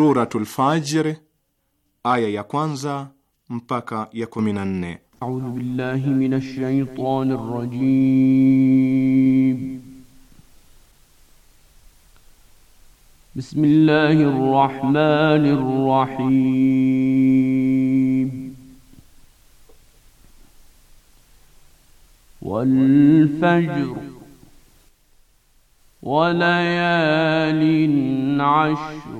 Suratul Fajr aya ya kwanza mpaka ya 14. A'udhu billahi minash shaitani rrajim. Bismillahir rahmanir rahim. Wal fajr wa layalin 'ashr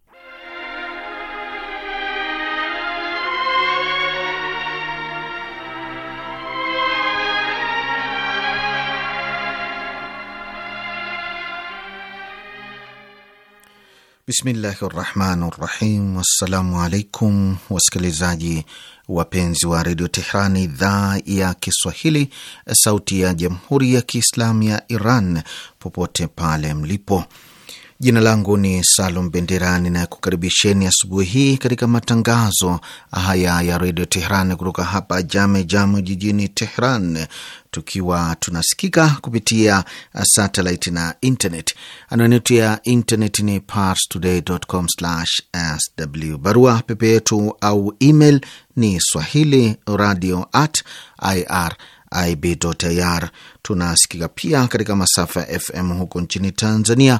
Bismillahi rahmani rahim. Wassalamu alaikum wasikilizaji wapenzi wa redio Tehran, idhaa ya Kiswahili, sauti ya jamhuri ya kiislamu ya Iran, popote pale mlipo. Jina langu ni Salum Benderani na kukaribisheni asubuhi hii katika matangazo haya ya redio Tehran kutoka hapa Jame Jame jijini Tehran, tukiwa tunasikika kupitia satelit na internet. Anwani yetu ya internet ni parstoday.com/sw. Barua pepe yetu au email ni swahili radio at ir ib.ir. Tunasikika pia katika masafa ya FM huko nchini Tanzania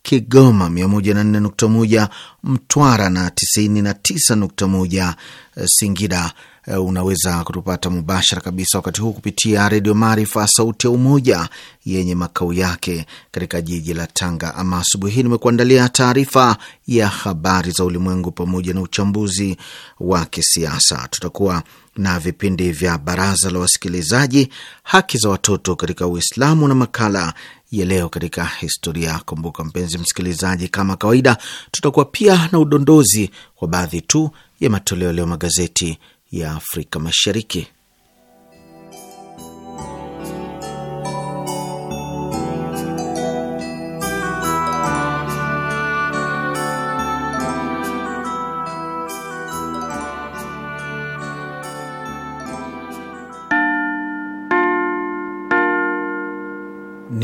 Kigoma 104.1, Mtwara na 99.1 eh, Singida. Eh, unaweza kutupata mubashara kabisa wakati huu kupitia Redio Maarifa, sauti ya Umoja, yenye makao yake katika jiji la Tanga. Ama asubuhi hii nimekuandalia taarifa ya habari za ulimwengu pamoja na uchambuzi wa kisiasa. Tutakuwa na vipindi vya baraza la wasikilizaji, haki za watoto katika Uislamu na makala ya leo katika historia. Kumbuka mpenzi msikilizaji, kama kawaida, tutakuwa pia na udondozi wa baadhi tu ya matoleo leo magazeti ya Afrika Mashariki.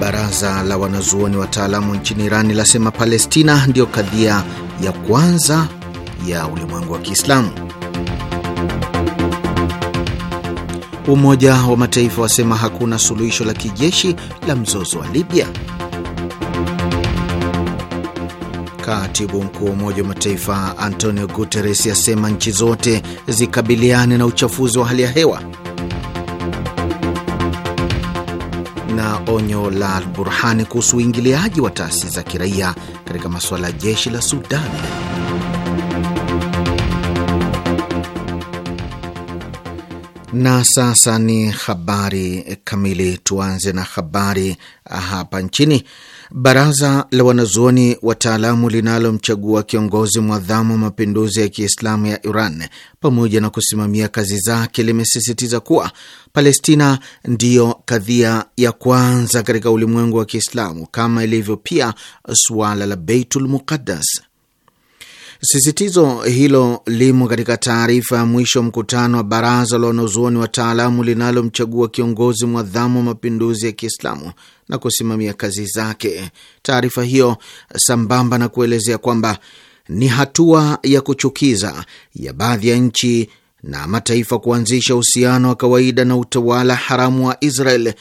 Baraza la wanazuoni wataalamu nchini Iran lasema Palestina ndiyo kadhia ya kwanza ya ulimwengu wa Kiislamu. Umoja wa Mataifa wasema hakuna suluhisho la kijeshi la mzozo wa Libya. Katibu mkuu wa Umoja wa Mataifa Antonio Guterres asema nchi zote zikabiliane na uchafuzi wa hali ya hewa. na onyo la burhani kuhusu uingiliaji wa taasisi za kiraia katika masuala ya jeshi la Sudan. Na sasa ni habari kamili. Tuanze na habari hapa nchini Baraza la wanazuoni wataalamu linalomchagua kiongozi mwadhamu wa mapinduzi ya Kiislamu ya Iran pamoja na kusimamia kazi zake limesisitiza kuwa Palestina ndiyo kadhia ya kwanza katika ulimwengu wa Kiislamu kama ilivyo pia suala la Beitul Muqaddas. Sisitizo hilo limo katika taarifa ya mwisho mkutano wa baraza la wanazuoni wataalamu linalomchagua kiongozi mwadhamu wa mapinduzi ya Kiislamu na kusimamia kazi zake. Taarifa hiyo sambamba na kuelezea kwamba ni hatua ya kuchukiza ya baadhi ya nchi na mataifa kuanzisha uhusiano wa kawaida na utawala haramu wa Israel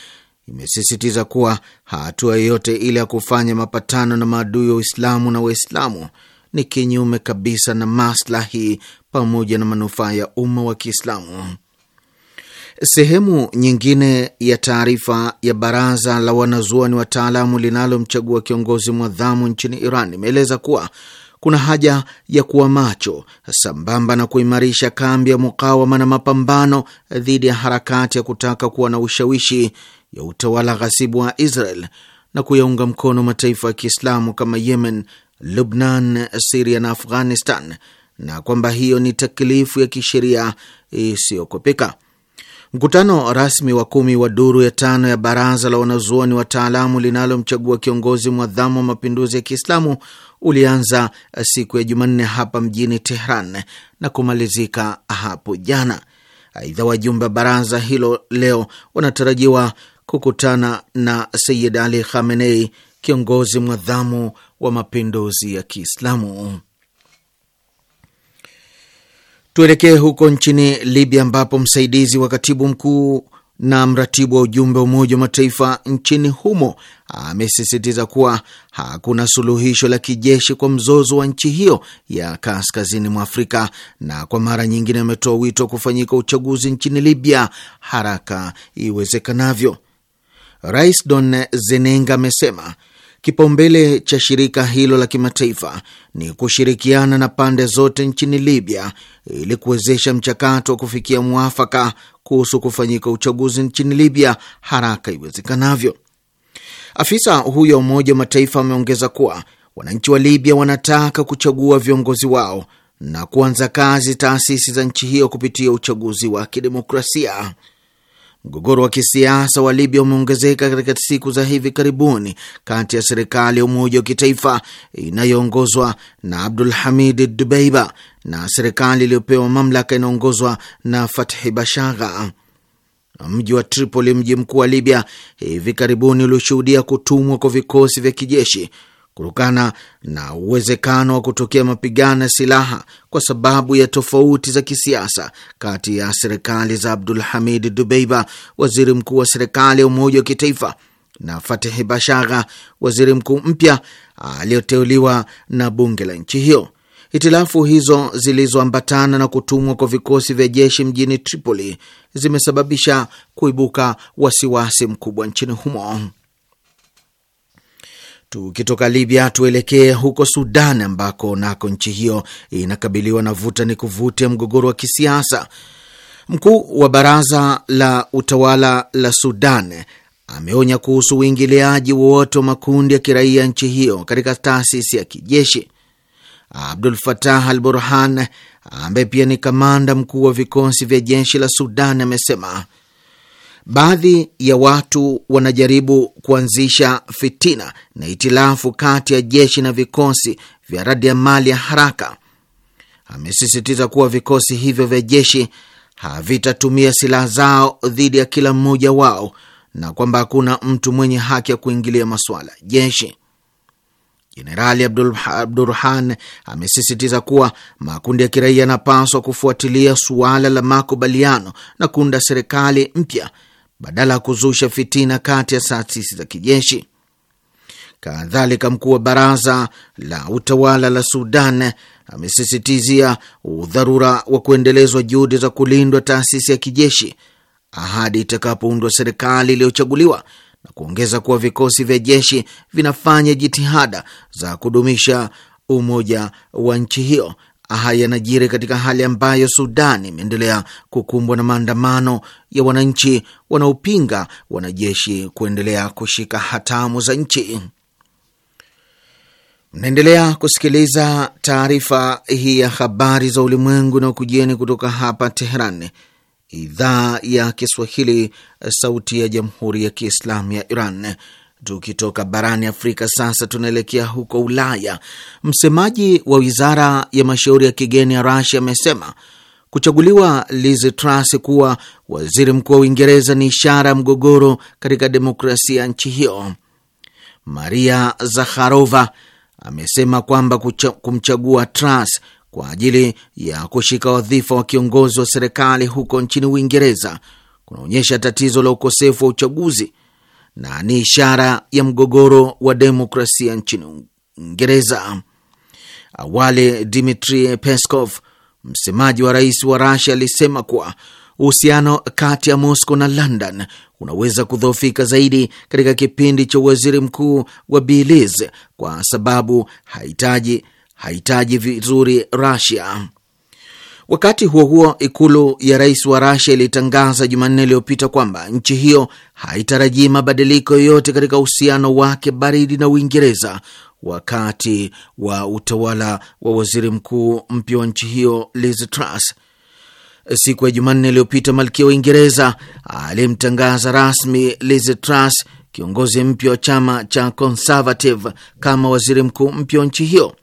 imesisitiza kuwa hatua yoyote ile ya kufanya mapatano na maadui wa Uislamu na Waislamu ni kinyume kabisa na maslahi pamoja na manufaa ya umma wa Kiislamu. Sehemu nyingine ya taarifa ya baraza la wanazuoni wataalamu linalomchagua kiongozi mwadhamu nchini Iran imeeleza kuwa kuna haja ya kuwa macho sambamba na kuimarisha kambi ya mukawama na mapambano dhidi ya harakati ya kutaka kuwa na ushawishi ya utawala ghasibu wa Israel na kuyaunga mkono mataifa ya Kiislamu kama Yemen Lubnan, Siria na Afghanistan, na kwamba hiyo ni taklifu ya kisheria isiyokopika Mkutano rasmi wa kumi wa duru ya tano ya baraza la wanazuoni wataalamu linalomchagua kiongozi mwadhamu wa mapinduzi ya Kiislamu ulianza siku ya Jumanne hapa mjini Tehran na kumalizika hapo jana. Aidha, wajumbe wa baraza hilo leo wanatarajiwa kukutana na Sayid Ali Khamenei, kiongozi mwadhamu wa mapinduzi ya Kiislamu. Tuelekee huko nchini Libya ambapo msaidizi wa katibu mkuu na mratibu wa ujumbe wa Umoja wa Mataifa nchini humo amesisitiza kuwa hakuna suluhisho la kijeshi kwa mzozo wa nchi hiyo ya kaskazini mwa Afrika, na kwa mara nyingine ametoa wito wa kufanyika uchaguzi nchini Libya haraka iwezekanavyo. Rais Don Zenenga amesema Kipaumbele cha shirika hilo la kimataifa ni kushirikiana na pande zote nchini Libya ili kuwezesha mchakato wa kufikia mwafaka kuhusu kufanyika uchaguzi nchini Libya haraka iwezekanavyo. Afisa huyo wa Umoja wa Mataifa ameongeza kuwa wananchi wa Libya wanataka kuchagua viongozi wao na kuanza kazi taasisi za nchi hiyo kupitia uchaguzi wa kidemokrasia. Mgogoro wa kisiasa wa Libya umeongezeka katika siku za hivi karibuni kati ya serikali ya umoja wa kitaifa inayoongozwa na Abdul Hamid Dubeiba na serikali iliyopewa mamlaka inaongozwa na Fathi Bashagha. Mji wa Tripoli, mji mkuu wa Libya, hivi karibuni ulioshuhudia kutumwa kwa vikosi vya kijeshi kutokana na uwezekano wa kutokea mapigano ya silaha kwa sababu ya tofauti za kisiasa kati ya serikali za Abdul Hamid Dubeiba, waziri mkuu wa serikali ya umoja wa kitaifa, na Fatihi Bashagha, waziri mkuu mpya aliyoteuliwa na bunge la nchi hiyo. Hitilafu hizo zilizoambatana na kutumwa kwa vikosi vya jeshi mjini Tripoli zimesababisha kuibuka wasiwasi mkubwa nchini humo. Tukitoka Libya tuelekee huko Sudan, ambako nako nchi hiyo inakabiliwa na vuta ni kuvute mgogoro wa kisiasa. Mkuu wa baraza la utawala la Sudan ameonya kuhusu uingiliaji wowote wa makundi ya kiraia nchi hiyo katika taasisi ya kijeshi. Abdul Fatah Al Burhan ambaye pia ni kamanda mkuu wa vikosi vya jeshi la Sudan amesema Baadhi ya watu wanajaribu kuanzisha fitina na itilafu kati ya jeshi na vikosi vya radi ya mali ya haraka. Amesisitiza kuwa vikosi hivyo vya jeshi havitatumia silaha zao dhidi ya kila mmoja wao na kwamba hakuna mtu mwenye haki ya kuingilia masuala jeshi. Jenerali abdurahan amesisitiza kuwa makundi ya kiraia yanapaswa kufuatilia suala la makubaliano na kuunda serikali mpya badala ya kuzusha fitina kati ya taasisi za kijeshi. Kadhalika, mkuu wa baraza la utawala la Sudan amesisitizia udharura wa kuendelezwa juhudi za kulindwa taasisi ya kijeshi ahadi itakapoundwa serikali iliyochaguliwa na kuongeza kuwa vikosi vya jeshi vinafanya jitihada za kudumisha umoja wa nchi hiyo Haya yanajiri katika hali ambayo Sudan imeendelea kukumbwa na maandamano ya wananchi wanaopinga wanajeshi kuendelea kushika hatamu za nchi. Mnaendelea kusikiliza taarifa hii ya habari za ulimwengu na ukujieni kutoka hapa Teheran, idhaa ya Kiswahili, sauti ya jamhuri ya kiislamu ya Iran. Tukitoka barani Afrika sasa tunaelekea huko Ulaya. Msemaji wa wizara ya mashauri ya kigeni ya Rasia amesema kuchaguliwa Liz Truss kuwa waziri mkuu wa Uingereza ni ishara ya mgogoro katika demokrasia ya nchi hiyo. Maria Zakharova amesema kwamba kumchagua Truss kwa ajili ya kushika wadhifa wa kiongozi wa serikali huko nchini Uingereza kunaonyesha tatizo la ukosefu wa uchaguzi na ni ishara ya mgogoro wa demokrasia nchini Uingereza. Awali, Dmitri Peskov, msemaji wa rais wa Rasia, alisema kuwa uhusiano kati ya Moscow na London unaweza kudhoofika zaidi katika kipindi cha waziri mkuu wa Belize kwa sababu hahitaji hahitaji vizuri Rasia. Wakati huo huo, ikulu ya rais wa Rasia ilitangaza Jumanne iliyopita kwamba nchi hiyo haitarajii mabadiliko yoyote katika uhusiano wake baridi na Uingereza wakati wa utawala wa waziri mkuu mpya wa nchi hiyo Liz Truss. Siku ya Jumanne iliyopita, malkia wa Uingereza alimtangaza rasmi Liz Truss, kiongozi mpya wa chama cha Conservative, kama waziri mkuu mpya wa nchi hiyo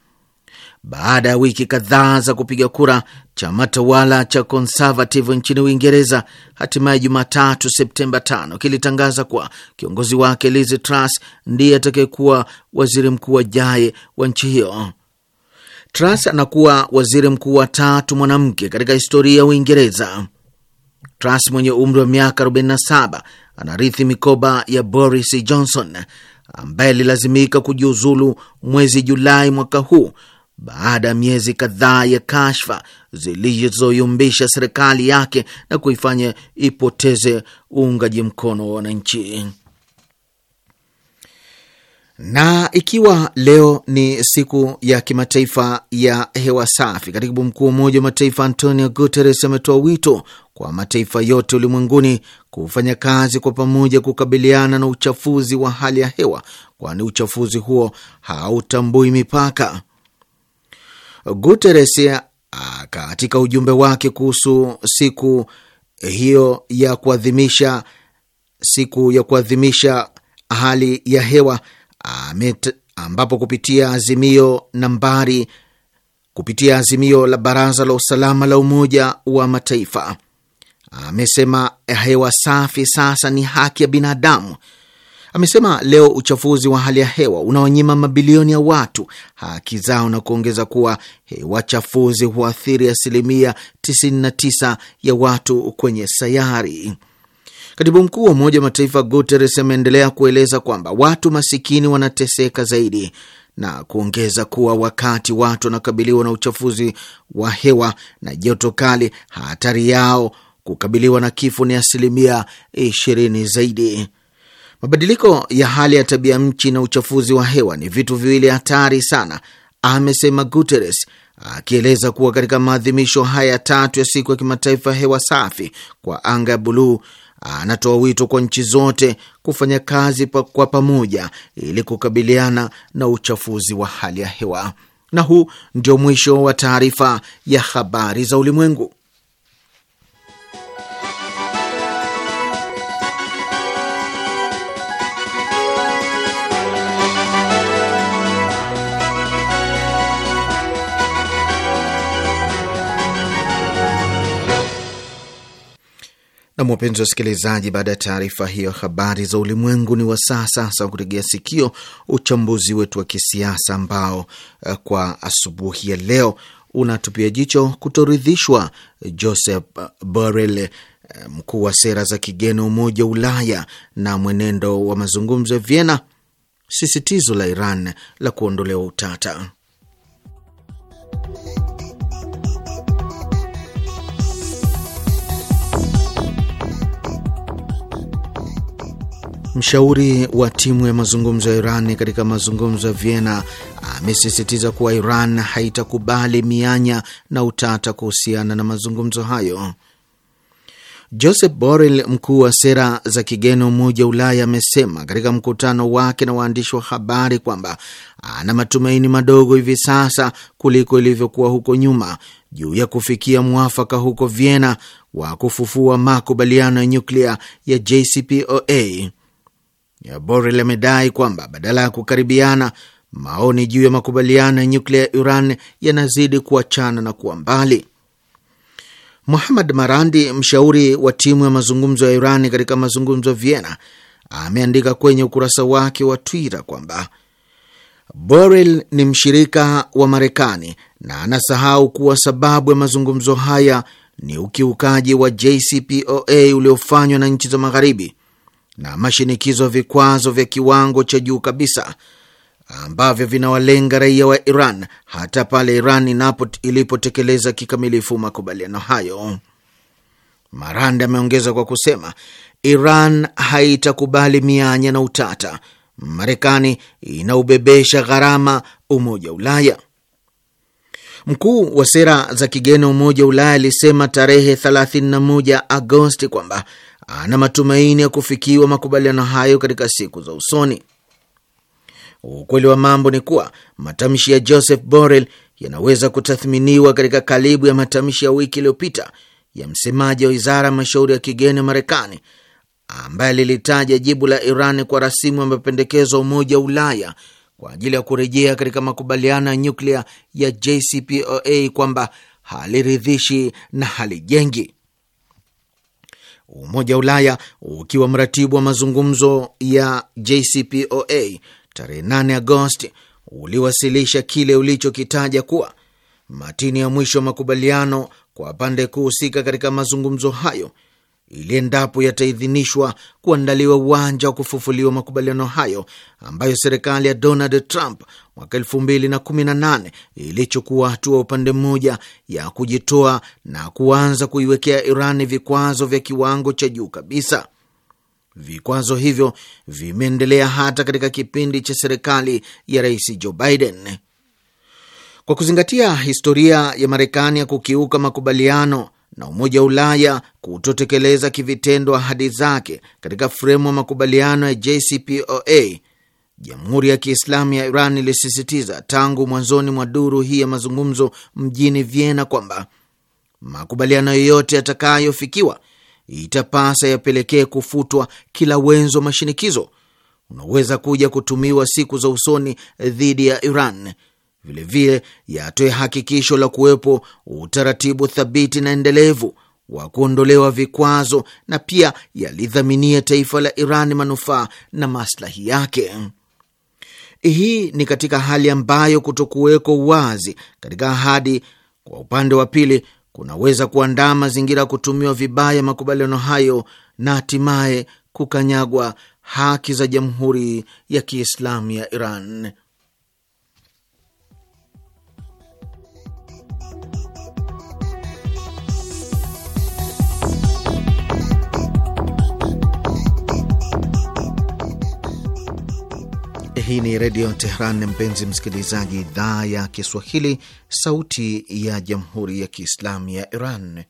baada ya wiki kadhaa za kupiga kura chama tawala cha Conservative nchini Uingereza hatimaye Jumatatu Septemba 5 kilitangaza kuwa kiongozi wake Liz Truss ndiye atakayekuwa waziri mkuu ajaye wa nchi hiyo. Truss anakuwa waziri mkuu wa tatu mwanamke katika historia ya Uingereza. Truss mwenye umri wa miaka 47 anarithi mikoba ya Boris Johnson ambaye alilazimika kujiuzulu mwezi Julai mwaka huu baada ya miezi kadhaa ya kashfa zilizoyumbisha serikali yake na kuifanya ipoteze uungaji mkono wa wananchi. Na ikiwa leo ni siku ya kimataifa ya hewa safi, katibu mkuu wa Umoja wa Mataifa Antonio Guterres ametoa wito kwa mataifa yote ulimwenguni kufanya kazi kwa pamoja kukabiliana na uchafuzi wa hali ya hewa, kwani uchafuzi huo hautambui mipaka. Guterres eh, katika ujumbe wake kuhusu siku eh, hiyo ya kuadhimisha siku ya kuadhimisha hali ya hewa amet, ambapo kupitia azimio nambari kupitia azimio la Baraza la Usalama la Umoja wa Mataifa amesema hewa safi sasa ni haki ya binadamu Amesema leo uchafuzi wa hali ya hewa unaonyima mabilioni ya watu haki zao na kuongeza kuwa hewa chafuzi huathiri asilimia 99 ya watu kwenye sayari. Katibu mkuu wa Umoja wa Mataifa Guterres ameendelea kueleza kwamba watu masikini wanateseka zaidi na kuongeza kuwa wakati watu wanakabiliwa na uchafuzi wa hewa na joto kali, hatari yao kukabiliwa na kifo ni asilimia 20 zaidi. Mabadiliko ya hali ya tabia nchi na uchafuzi wa hewa ni vitu viwili hatari sana, amesema Guterres akieleza kuwa katika maadhimisho haya ya tatu ya siku ya kimataifa hewa safi kwa anga ya buluu, anatoa wito kwa nchi zote kufanya kazi pa, kwa pamoja ili kukabiliana na uchafuzi wa hali ya hewa. Na huu ndio mwisho wa taarifa ya habari za ulimwengu. Na wapenzi wasikilizaji, baada ya taarifa hiyo habari za ulimwengu, ni wasaa sasa wa kutegea sikio uchambuzi wetu wa kisiasa ambao eh, kwa asubuhi ya leo unatupia jicho kutoridhishwa Joseph Borrell, eh, mkuu wa sera za kigeni Umoja wa Ulaya, na mwenendo wa mazungumzo ya Vienna, sisitizo la Iran la kuondolewa utata Mshauri wa timu ya mazungumzo ya Iran katika mazungumzo ya Vienna amesisitiza kuwa Iran haitakubali mianya na utata kuhusiana na mazungumzo hayo. Joseph Borrell, mkuu wa sera za kigeni Umoja wa Ulaya, amesema katika mkutano wake na waandishi wa habari kwamba ana matumaini madogo hivi sasa kuliko ilivyokuwa huko nyuma juu ya kufikia mwafaka huko Vienna wa kufufua makubaliano ya nyuklia ya JCPOA ya Borrell amedai kwamba badala ya kukaribiana, maoni juu ya makubaliano ya nyuklia ya Iran yanazidi kuachana na kuwa mbali. Muhamad Marandi, mshauri wa timu ya mazungumzo ya iran katika mazungumzo ya Vienna, ameandika kwenye ukurasa wake wa Twitter kwamba Borrell ni mshirika wa Marekani na anasahau kuwa sababu ya mazungumzo haya ni ukiukaji wa JCPOA uliofanywa na nchi za Magharibi na mashinikizo ya vikwazo vya kiwango cha juu kabisa ambavyo vinawalenga raia wa Iran hata pale Iran ilipotekeleza kikamilifu makubaliano hayo. Marand ameongeza kwa kusema Iran haitakubali mianya na utata. Marekani inaubebesha gharama Umoja wa Ulaya. Mkuu wa sera za kigeni wa Umoja wa Ulaya alisema tarehe 31 Agosti kwamba ana matumaini ya kufikiwa makubaliano hayo katika siku za usoni. Ukweli wa mambo ni kuwa matamshi ya Joseph Borrell yanaweza kutathminiwa katika kalibu ya matamshi ya wiki iliyopita ya msemaji wa wizara ya mashauri ya kigeni Marekani ambaye lilitaja jibu la Iran kwa rasimu ya mapendekezo ya Umoja wa Ulaya kwa ajili ya kurejea katika makubaliano ya nyuklia ya JCPOA kwamba haliridhishi na halijengi. Umoja wa Ulaya ukiwa mratibu wa mazungumzo ya JCPOA tarehe 8 Agosti uliwasilisha kile ulichokitaja kuwa matini ya mwisho wa makubaliano kwa pande kuhusika katika mazungumzo hayo ili endapo yataidhinishwa kuandaliwa uwanja wa kufufuliwa makubaliano hayo ambayo serikali ya Donald Trump mwaka elfu mbili na kumi na nane ilichukua hatua upande mmoja ya kujitoa na kuanza kuiwekea Iran vikwazo vya kiwango cha juu kabisa. Vikwazo hivyo vimeendelea hata katika kipindi cha serikali ya Rais Joe Biden. Kwa kuzingatia historia ya Marekani ya kukiuka makubaliano na Umoja wa Ulaya kutotekeleza kivitendo ahadi zake katika fremu ya makubaliano ya JCPOA. Jamhuri ya Kiislamu ya Iran ilisisitiza tangu mwanzoni mwa duru hii ya mazungumzo mjini Vienna kwamba makubaliano yoyote yatakayofikiwa itapasa yapelekee kufutwa kila wenzo wa mashinikizo unaweza kuja kutumiwa siku za usoni dhidi ya Iran vilevile yatoe hakikisho la kuwepo utaratibu thabiti na endelevu wa kuondolewa vikwazo na pia yalidhaminia taifa la Iran manufaa na maslahi yake. Hii ni katika hali ambayo kutokuweko uwazi katika ahadi kwa upande wa pili kunaweza kuandaa mazingira ya kutumiwa vibaya makubaliano hayo na hatimaye kukanyagwa haki za Jamhuri ya Kiislamu ya Iran. Hii ni Redio Tehran, mpenzi msikilizaji, idhaa ya Kiswahili, sauti ya Jamhuri ya Kiislamu ya Iran.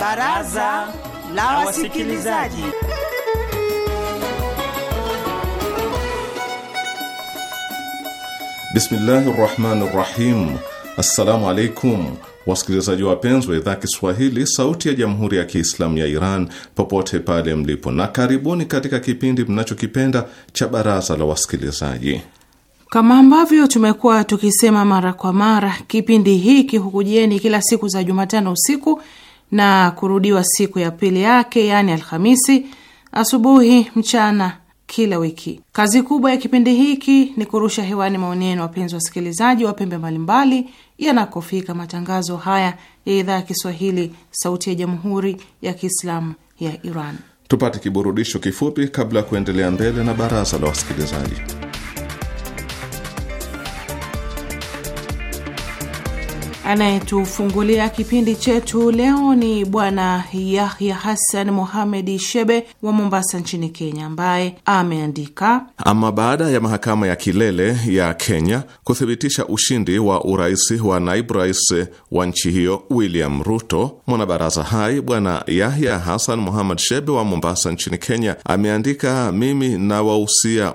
Baraza la Wasikilizaji. Bismillahi rahmani rahim. Assalamu alaikum wasikilizaji wapenzi wa idhaa Kiswahili sauti ya jamhuri ya Kiislamu ya Iran popote pale mlipo, na karibuni katika kipindi mnachokipenda cha baraza la wasikilizaji. Kama ambavyo tumekuwa tukisema mara kwa mara, kipindi hiki hukujieni kila siku za Jumatano usiku na kurudiwa siku ya pili yake, yaani Alhamisi asubuhi, mchana kila wiki. Kazi kubwa ya kipindi hiki ni kurusha hewani yenu, wapenzi wasikilizaji, wa pembe mbalimbali yanakofika matangazo haya ya idhaa ya Kiswahili, Sauti ya Jamhuri ya Kiislamu ya Iran. Tupate kiburudisho kifupi kabla ya kuendelea mbele na baraza la wasikilizaji. Anayetufungulia kipindi chetu leo ni Bwana Yahya Hassan muhamedi Shebe wa Mombasa nchini Kenya, ambaye ameandika: ama baada ya mahakama ya kilele ya Kenya kuthibitisha ushindi wa urais wa naibu rais wa nchi hiyo William Ruto, mwanabaraza hai Bwana Yahya Hassan muhamed Shebe wa Mombasa nchini Kenya ameandika: mimi na wa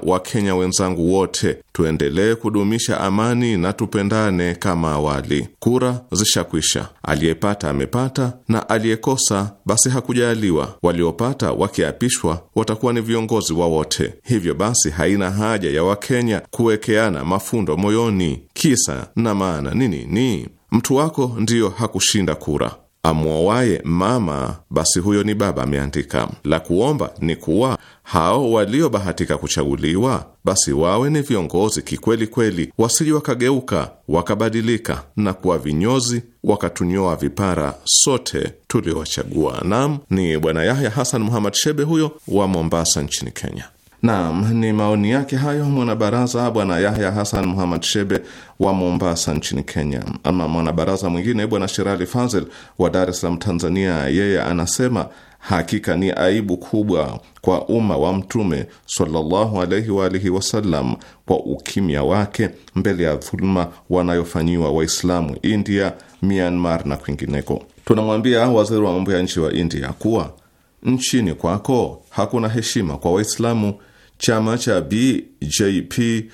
Wakenya wenzangu wote tuendelee kudumisha amani na tupendane kama awali. Kura bora zishakwisha. Aliyepata amepata, na aliyekosa basi hakujaliwa. Waliopata wakiapishwa watakuwa ni viongozi wawote Hivyo basi haina haja ya Wakenya kuwekeana mafundo moyoni. Kisa na maana ni nini? Mtu wako ndiyo hakushinda kura amwowaye mama basi huyo ni baba, ameandika. La kuomba ni kuwa hao waliobahatika kuchaguliwa basi wawe ni viongozi kikweli kweli, wasije wakageuka wakabadilika na kuwa vinyozi wakatunyoa vipara sote tuliowachagua. Nam ni Bwana Yahya Hasan Muhammad Shebe huyo wa Mombasa nchini Kenya. Naam, ni maoni yake hayo mwanabaraza Bwana Yahya Hasan Muhamad Shebe wa Mombasa nchini Kenya. Ama mwanabaraza mwingine Bwana Sherali Fazel wa Dar es Salaam, Tanzania, yeye anasema hakika ni aibu kubwa kwa umma wa Mtume sallallahu alaihi wa alihi wasallam kwa ukimya wake mbele ya dhuluma wanayofanyiwa Waislamu India, Myanmar na kwingineko. Tunamwambia waziri wa mambo ya nchi wa India kuwa nchini kwako hakuna heshima kwa Waislamu chama cha BJP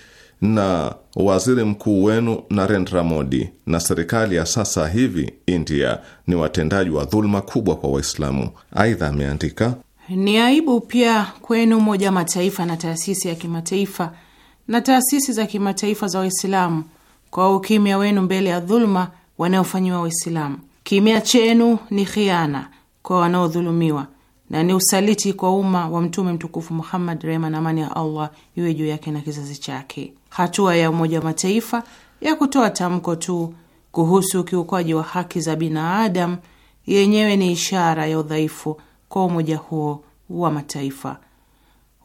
na waziri mkuu wenu Narendra Modi na serikali ya sasa hivi India ni watendaji wa dhuluma kubwa kwa Waislamu. Aidha ameandika ni aibu pia kwenu Umoja wa Mataifa na taasisi ya kimataifa na taasisi za kimataifa za Waislamu kwa ukimya wenu mbele ya dhuluma wanaofanyiwa Waislamu. Kimya chenu ni khiana kwa wanaodhulumiwa na ni usaliti kwa umma wa Mtume mtukufu Muhammad, rehma na amani ya Allah iwe juu yake na kizazi chake. Hatua ya Umoja wa Mataifa ya kutoa tamko tu kuhusu ukiukwaji wa haki za binadamu yenyewe ni ishara ya udhaifu kwa umoja huo wa mataifa.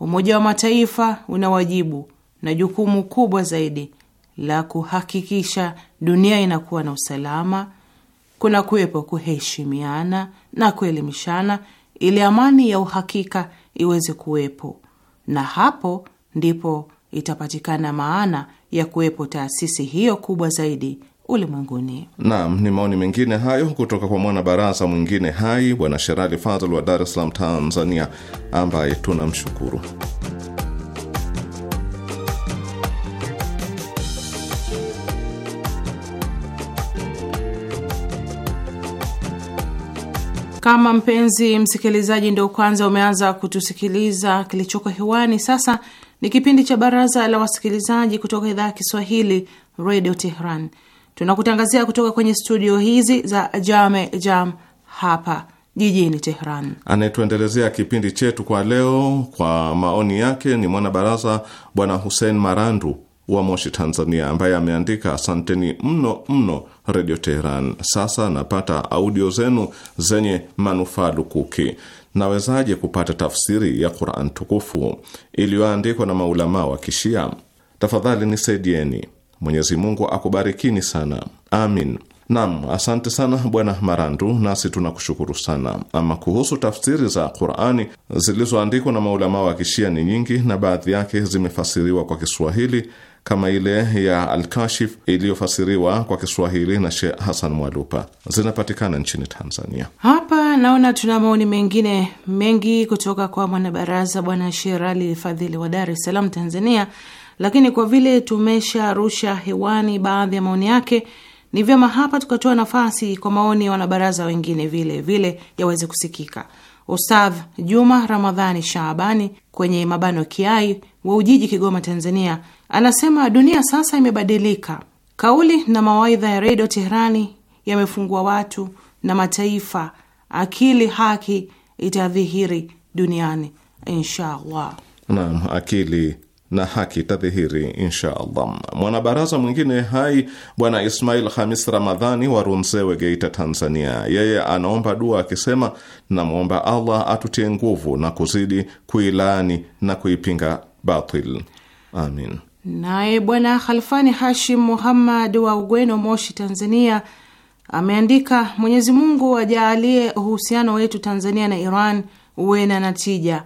Umoja wa Mataifa una wajibu na jukumu kubwa zaidi la kuhakikisha dunia inakuwa na usalama, kuna kuwepo kuheshimiana na kuelimishana ili amani ya uhakika iweze kuwepo, na hapo ndipo itapatikana maana ya kuwepo taasisi hiyo kubwa zaidi ulimwenguni. Naam, ni maoni mengine hayo kutoka kwa baraza mwingine hai Bwana Sherali Fadhl wa Dar es Salaam, Tanzania, ambaye tunamshukuru. Kama mpenzi msikilizaji ndio kwanza umeanza kutusikiliza, kilichoko hewani sasa ni kipindi cha Baraza la Wasikilizaji kutoka idhaa ya Kiswahili Radio Tehran. Tunakutangazia kutoka kwenye studio hizi za Jame Jam hapa jijini Tehran. Anayetuendelezea kipindi chetu kwa leo kwa maoni yake ni mwanabaraza Bwana Hussein Marandu wa Moshi, Tanzania, ambaye ameandika asanteni mno mno Redio Teheran. Sasa napata audio zenu zenye manufaa lukuki. Nawezaje kupata tafsiri ya Quran tukufu iliyoandikwa na maulamaa wa Kishia? Tafadhali nisaidieni. Mwenyezi Mungu akubarikini sana, amin. Nam, asante sana Bwana Marandu, nasi tunakushukuru sana. Ama kuhusu tafsiri za Qurani zilizoandikwa na maulamaa wa Kishia ni nyingi, na baadhi yake zimefasiriwa kwa Kiswahili kama ile ya Alkashif iliyofasiriwa kwa Kiswahili na Sheikh Hassan Mwalupa zinapatikana nchini Tanzania. Hapa naona tuna maoni mengine mengi kutoka kwa mwanabaraza Bwana Sherali Fadhili wa Dar es Salaam, Tanzania, lakini kwa vile tumesharusha hewani baadhi ya maoni yake ni vyema hapa tukatoa nafasi kwa maoni ya wanabaraza wengine vile vile yaweze kusikika. Ustadh Juma Ramadhani Shaabani kwenye mabano Kiai wa Ujiji, Kigoma, Tanzania, anasema dunia sasa imebadilika. Kauli na mawaidha ya Redio Teherani yamefungua watu na mataifa, akili haki itadhihiri duniani inshallah. Naam, akili na haki tadhihiri insha Allah. Mwanabaraza mwingine hai Bwana Ismail Hamis Ramadhani wa Rumzewe, Geita, Tanzania, yeye anaomba dua akisema, namwomba Allah atutie nguvu na kuzidi kuilaani na kuipinga batil, amin. Naye Bwana Khalfani Hashim Muhammad wa Ugweno, Moshi, Tanzania, ameandika, Mwenyezi Mungu ajaalie uhusiano wetu Tanzania na Iran uwe na natija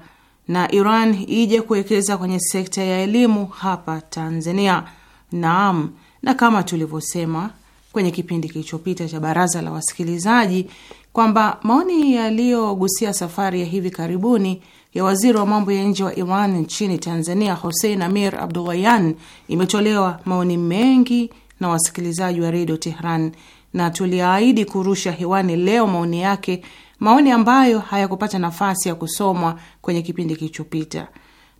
na Iran ije kuwekeza kwenye sekta ya elimu hapa Tanzania. Naam, na kama tulivyosema kwenye kipindi kilichopita cha baraza la wasikilizaji kwamba maoni yaliyogusia safari ya hivi karibuni ya waziri wa mambo ya nje wa Iran nchini Tanzania, Hussein Amir Abdullayan, imetolewa maoni mengi na wasikilizaji wa redio Tehran, na tuliahidi kurusha hewani leo maoni yake maoni ambayo hayakupata nafasi ya kusomwa kwenye kipindi kilichopita.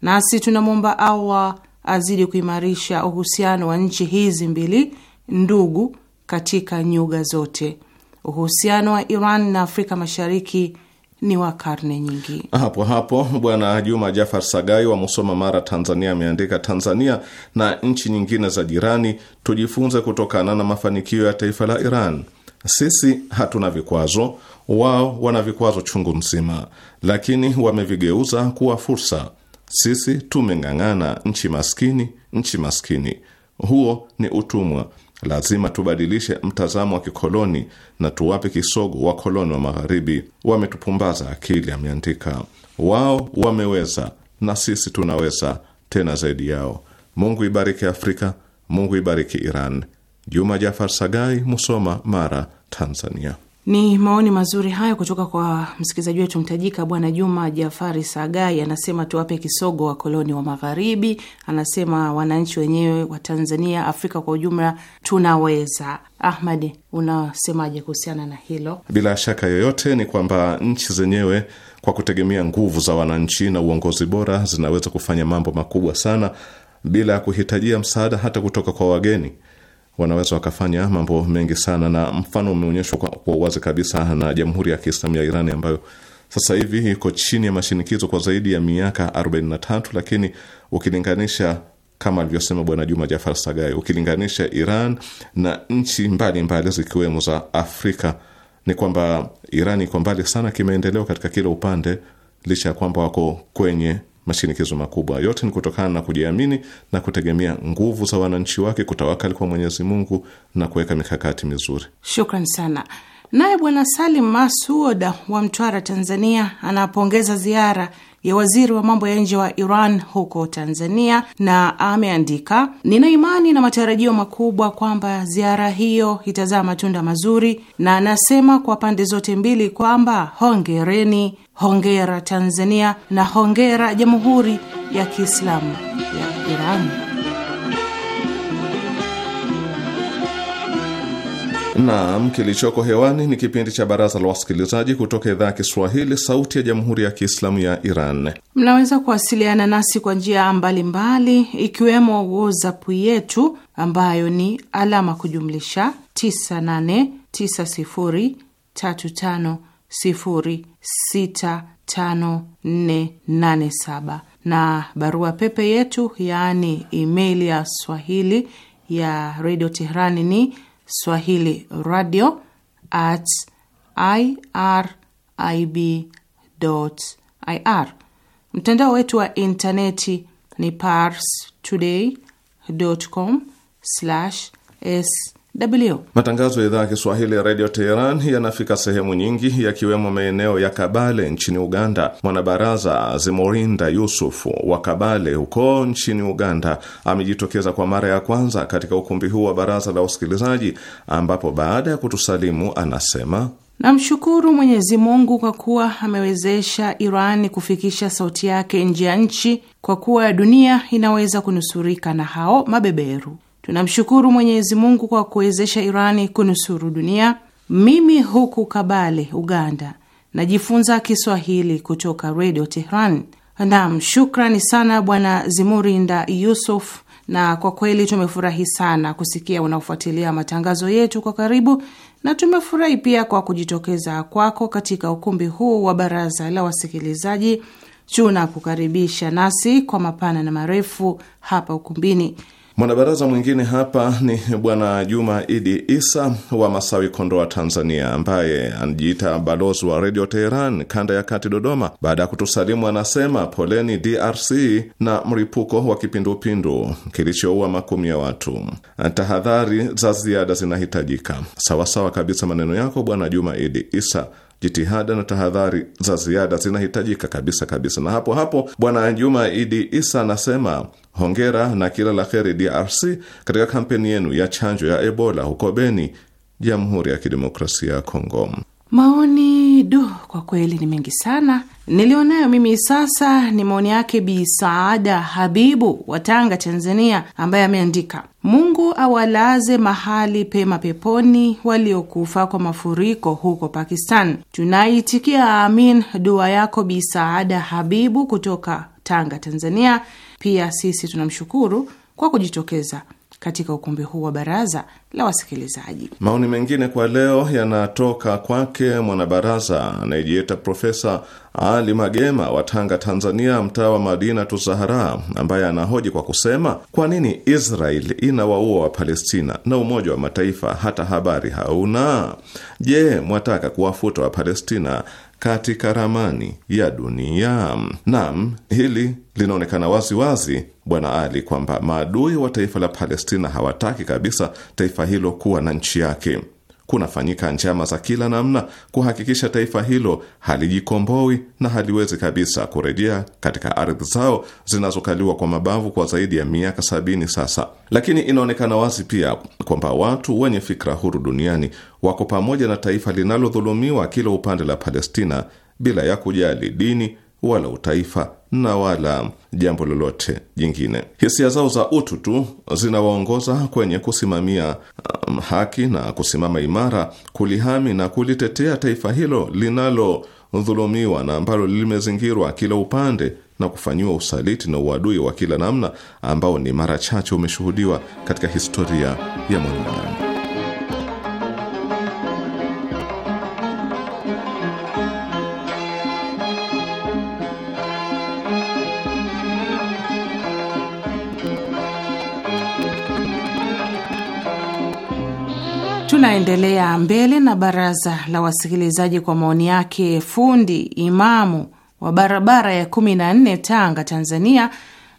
Nasi tunamwomba Allah azidi kuimarisha uhusiano wa nchi hizi mbili ndugu katika nyuga zote. Uhusiano wa Iran na Afrika Mashariki ni wa karne nyingi. Hapo hapo Bwana Juma Jafar Sagai wa Musoma, Mara, Tanzania ameandika, Tanzania na nchi nyingine za jirani tujifunze kutokana na mafanikio ya taifa la Iran. Sisi hatuna vikwazo, wao wana vikwazo chungu mzima, lakini wamevigeuza kuwa fursa. Sisi tumeng'ang'ana, nchi maskini, nchi maskini. Huo ni utumwa. Lazima tubadilishe mtazamo wa kikoloni na tuwape kisogo wakoloni wa Magharibi. Wametupumbaza akili, ameandika. Wao wameweza na sisi tunaweza, tena zaidi yao. Mungu ibariki Afrika, Mungu ibariki Iran. Juma Jafar Sagai, Musoma, Mara, Tanzania. Ni maoni mazuri hayo kutoka kwa msikilizaji wetu mtajika Bwana Juma Jafari Sagai. Anasema tuwape kisogo wakoloni wa Magharibi. Anasema wananchi wenyewe wa Tanzania, Afrika kwa ujumla, tunaweza. Ahmadi, unasemaje kuhusiana na hilo? Bila shaka yoyote ni kwamba nchi zenyewe kwa kutegemea nguvu za wananchi na uongozi bora zinaweza kufanya mambo makubwa sana bila ya kuhitajia msaada hata kutoka kwa wageni wanaweza wakafanya mambo mengi sana, na mfano umeonyeshwa kwa uwazi kabisa na Jamhuri ya Kiislamu ya Irani ambayo sasa hivi iko chini ya mashinikizo kwa zaidi ya miaka 43, lakini ukilinganisha kama alivyosema Bwana Juma Jafar Sagai, ukilinganisha Iran na nchi mbalimbali zikiwemo za Afrika ni kwamba Iran iko mbali sana kimaendeleo katika kila upande, licha ya kwamba wako kwenye Mashinikizo makubwa yote ni kutokana na kujiamini na kutegemea nguvu za wananchi wake, kutawakali kwa Mwenyezi Mungu na kuweka mikakati mizuri. Shukran sana. Naye Bwana Salim Masuoda wa Mtwara, Tanzania, anapongeza ziara ya waziri wa mambo ya nje wa Iran huko Tanzania na ameandika, nina imani na matarajio makubwa kwamba ziara hiyo itazaa matunda mazuri, na anasema kwa pande zote mbili kwamba hongereni, hongera Tanzania na hongera Jamhuri ya Kiislamu ya Iran. Naam, kilichoko hewani ni kipindi cha Baraza la Wasikilizaji kutoka idhaa ya Kiswahili, Sauti ya Jamhuri ya Kiislamu ya Iran. Mnaweza kuwasiliana nasi kwa njia mbalimbali, ikiwemo WhatsApp yetu ambayo ni alama kujumlisha 989035065487 na barua pepe yetu, yaani email ya swahili ya Radio Tehrani ni swahili radio at irib.ir. Mtandao wetu wa intaneti ni pars today com slash s W. Matangazo ya idhaa ya Kiswahili ya redio Teheran yanafika sehemu nyingi, yakiwemo maeneo ya Kabale nchini Uganda. Mwanabaraza Zimorinda Yusufu wa Kabale huko nchini Uganda amejitokeza kwa mara ya kwanza katika ukumbi huu wa baraza la usikilizaji ambapo baada ya kutusalimu anasema Namshukuru Mwenyezi Mungu kwa kuwa amewezesha Irani kufikisha sauti yake nje ya nchi, kwa kuwa dunia inaweza kunusurika na hao mabeberu. Tunamshukuru Mwenyezi Mungu kwa kuwezesha Irani kunusuru dunia. Mimi huku Kabale, Uganda, najifunza Kiswahili kutoka Redio Tehran. Nam, shukrani sana Bwana Zimurinda Yusuf, na kwa kweli tumefurahi sana kusikia unaofuatilia matangazo yetu kwa karibu, na tumefurahi pia kwa kujitokeza kwako katika ukumbi huu wa baraza la wasikilizaji. Tunakukaribisha nasi kwa mapana na marefu hapa ukumbini. Mwanabaraza mwingine hapa ni Bwana Juma Idi Isa wa Masawi, Kondoa, Tanzania, ambaye anajiita balozi wa Redio Teheran kanda ya kati Dodoma. Baada ya kutusalimu, anasema poleni DRC na mripuko wa kipindupindu kilichoua makumi ya watu, tahadhari za ziada zinahitajika. Sawasawa kabisa maneno yako Bwana Juma Idi Isa. Jitihada na tahadhari za ziada zinahitajika kabisa kabisa. Na hapo hapo Bwana Juma Idi Isa anasema Hongera na kila la kheri DRC katika kampeni yenu ya chanjo ya Ebola huko Beni, Jamhuri ya Kidemokrasia ya Kongo. Maoni du, kwa kweli ni mengi sana. Nilionayo mimi sasa ni maoni yake Bi Saada Habibu wa Tanga, Tanzania, ambaye ameandika Mungu awalaze mahali pema peponi waliokufa kwa mafuriko huko Pakistan. Tunaitikia amin dua yako Bi Saada Habibu kutoka Tanga, Tanzania pia sisi tunamshukuru kwa kujitokeza katika ukumbi huu wa baraza la wasikilizaji. Maoni mengine kwa leo yanatoka kwake mwanabaraza anayejiita Profesa Ali Magema wa Tanga, Tanzania, mtaa wa Madina Tuzahara, ambaye anahoji kwa kusema kwa nini Israel inawaua Wapalestina na Umoja wa Mataifa hata habari hauna? Je, mwataka kuwafuta Wapalestina katika ramani ya dunia. Naam, hili linaonekana wazi wazi, Bwana Ali, kwamba maadui wa taifa la Palestina hawataki kabisa taifa hilo kuwa na nchi yake kunafanyika njama za kila namna kuhakikisha taifa hilo halijikomboi na haliwezi kabisa kurejea katika ardhi zao zinazokaliwa kwa mabavu kwa zaidi ya miaka sabini sasa. Lakini inaonekana wazi pia kwamba watu wenye fikra huru duniani wako pamoja na taifa linalodhulumiwa kila upande la Palestina bila ya kujali dini, wala utaifa na wala jambo lolote jingine. Hisia zao za utu tu zinawaongoza kwenye kusimamia um, haki na kusimama imara kulihami na kulitetea taifa hilo linalodhulumiwa na ambalo limezingirwa kila upande na kufanyiwa usaliti na uadui wa kila namna ambao ni mara chache umeshuhudiwa katika historia ya mwanadamu. Tunaendelea mbele na baraza la wasikilizaji kwa maoni yake fundi imamu wa barabara ya 14 Tanga, Tanzania,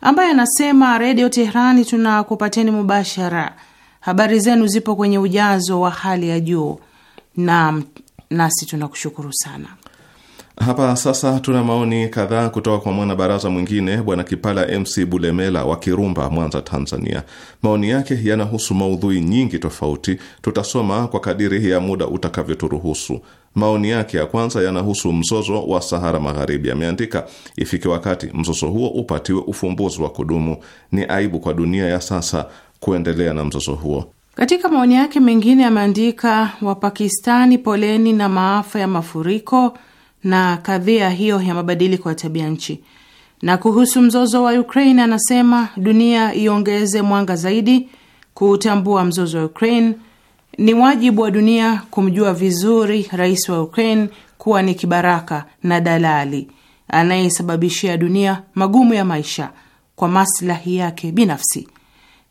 ambaye anasema Redio Teherani tunakupateni mubashara, habari zenu zipo kwenye ujazo wa hali ya juu. na nasi tunakushukuru sana. Hapa sasa tuna maoni kadhaa kutoka kwa mwanabaraza mwingine bwana Kipala MC Bulemela wa Kirumba, Mwanza, Tanzania. Maoni yake yanahusu maudhui nyingi tofauti, tutasoma kwa kadiri ya muda utakavyoturuhusu. Maoni yake ya kwanza yanahusu mzozo wa Sahara Magharibi. Ameandika, ifike wakati mzozo huo upatiwe ufumbuzi wa kudumu. Ni aibu kwa dunia ya sasa kuendelea na mzozo huo. Katika maoni yake mengine ameandika, Wapakistani poleni na maafa ya mafuriko na kadhia hiyo ya mabadiliko ya tabia nchi. Na kuhusu mzozo wa Ukraine anasema dunia iongeze mwanga zaidi kuutambua mzozo wa Ukraine. Ni wajibu wa dunia kumjua vizuri rais wa Ukraine kuwa ni kibaraka na dalali anayesababishia dunia magumu ya maisha kwa maslahi yake binafsi.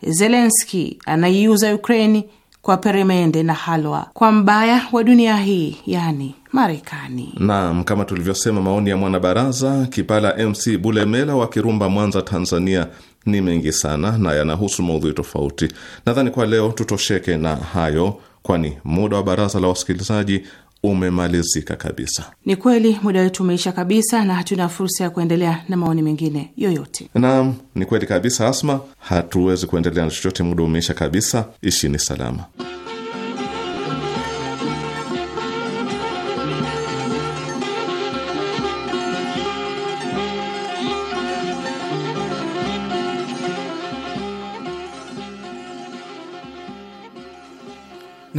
Zelenski anaiuza Ukraini kwa peremende na halwa kwa mbaya wa dunia hii, yani Marekani. Naam, kama tulivyosema, maoni ya mwanabaraza Kipala MC Bulemela wa Kirumba, Mwanza, Tanzania ni mengi sana na yanahusu maudhui tofauti. Nadhani kwa leo tutosheke na hayo, kwani muda wa baraza la wasikilizaji umemalizika kabisa. Ni kweli muda wetu umeisha kabisa, na hatuna fursa ya kuendelea na maoni mengine yoyote. Naam, ni kweli kabisa Asma, hatuwezi kuendelea na chochote, muda umeisha kabisa. Ishini salama.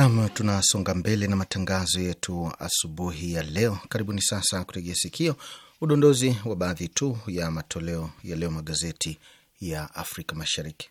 Nam, tunasonga mbele na matangazo yetu asubuhi ya leo. Karibuni sasa kutegea sikio udondozi wa baadhi tu ya matoleo ya leo magazeti ya Afrika Mashariki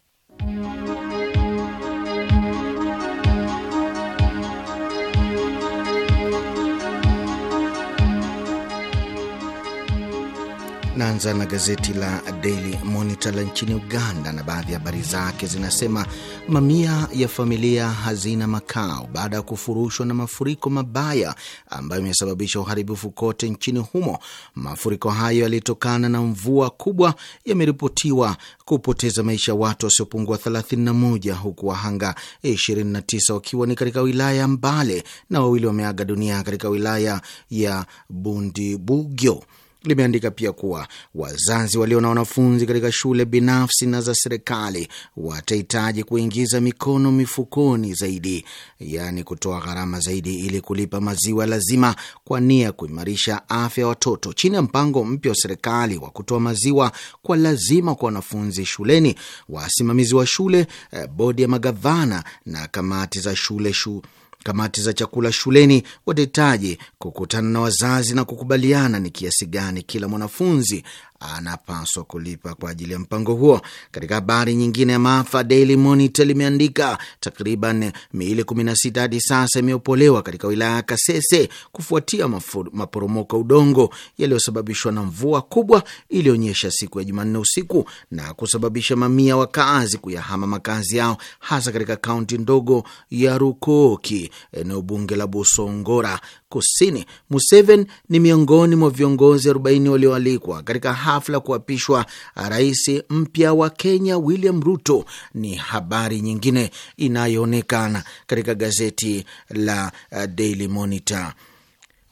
Naanza na gazeti la Daily Monitor la nchini Uganda, na baadhi ya habari zake zinasema mamia ya familia hazina makao baada ya kufurushwa na mafuriko mabaya ambayo imesababisha uharibifu kote nchini humo. Mafuriko hayo yalitokana na mvua kubwa, yameripotiwa kupoteza maisha watu wasiopungua 31 huku wahanga 29 wakiwa ni katika wilaya Mbale na wawili wameaga dunia katika wilaya ya Bundibugyo limeandika pia kuwa wazazi walio na wanafunzi katika shule binafsi na za serikali watahitaji kuingiza mikono mifukoni zaidi, yaani kutoa gharama zaidi ili kulipa maziwa lazima kwa nia ya kuimarisha afya ya watoto chini ya mpango mpya wa serikali wa kutoa maziwa kwa lazima kwa wanafunzi shuleni. Wasimamizi wa shule, eh, bodi ya magavana na kamati za shule shu kamati za chakula shuleni watahitaji kukutana na wazazi na kukubaliana ni kiasi gani kila mwanafunzi anapaswa kulipa kwa ajili ya mpango huo. Katika habari nyingine ya maafa, Daily Monitor limeandika takriban miili 16 hadi sasa imeopolewa katika wilaya ya Kasese kufuatia maporomoko udongo yaliyosababishwa na mvua kubwa iliyoonyesha siku ya Jumanne usiku na kusababisha mamia wakaazi kuyahama makazi yao hasa katika kaunti ndogo ya Rukoki, eneo bunge la busongora Kusini. Museveni ni miongoni mwa viongozi 40 walioalikwa katika hafla kuapishwa rais mpya wa Kenya William Ruto, ni habari nyingine inayoonekana katika gazeti la uh, Daily Monitor.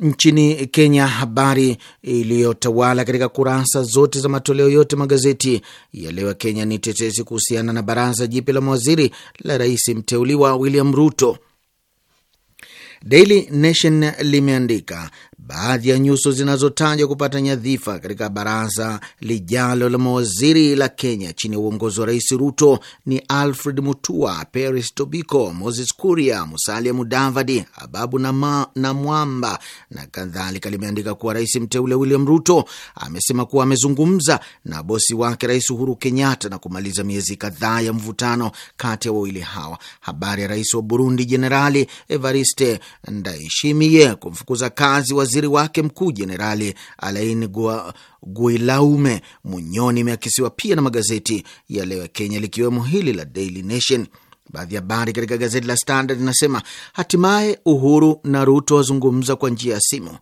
Nchini Kenya, habari iliyotawala katika kurasa zote za matoleo yote magazeti ya leo Kenya ni tetesi kuhusiana na baraza jipya la mawaziri la rais mteuliwa William Ruto. Daily Nation limeandika baadhi ya nyuso zinazotajwa kupata nyadhifa katika baraza lijalo la mawaziri la Kenya chini ya uongozi wa Rais Ruto ni Alfred Mutua, Peris Tobiko, Moses Kuria, Musalia Mudavadi, Ababu na Mwamba na kadhalika. Limeandika kuwa rais mteule William Ruto amesema kuwa amezungumza na bosi wake Rais Uhuru Kenyatta na kumaliza miezi kadhaa ya mvutano kati ya wawili hawa. Habari ya rais wa Burundi Jenerali Evariste Ndayishimiye kumfukuza kazi wa waziri wake mkuu Jenerali Alain Guilaume Munyoni imeakisiwa pia na magazeti ya leo ya Kenya likiwemo hili la Daily Nation. Baadhi ya habari katika gazeti la Standard inasema hatimaye Uhuru na Ruto wazungumza kwa njia ya simu.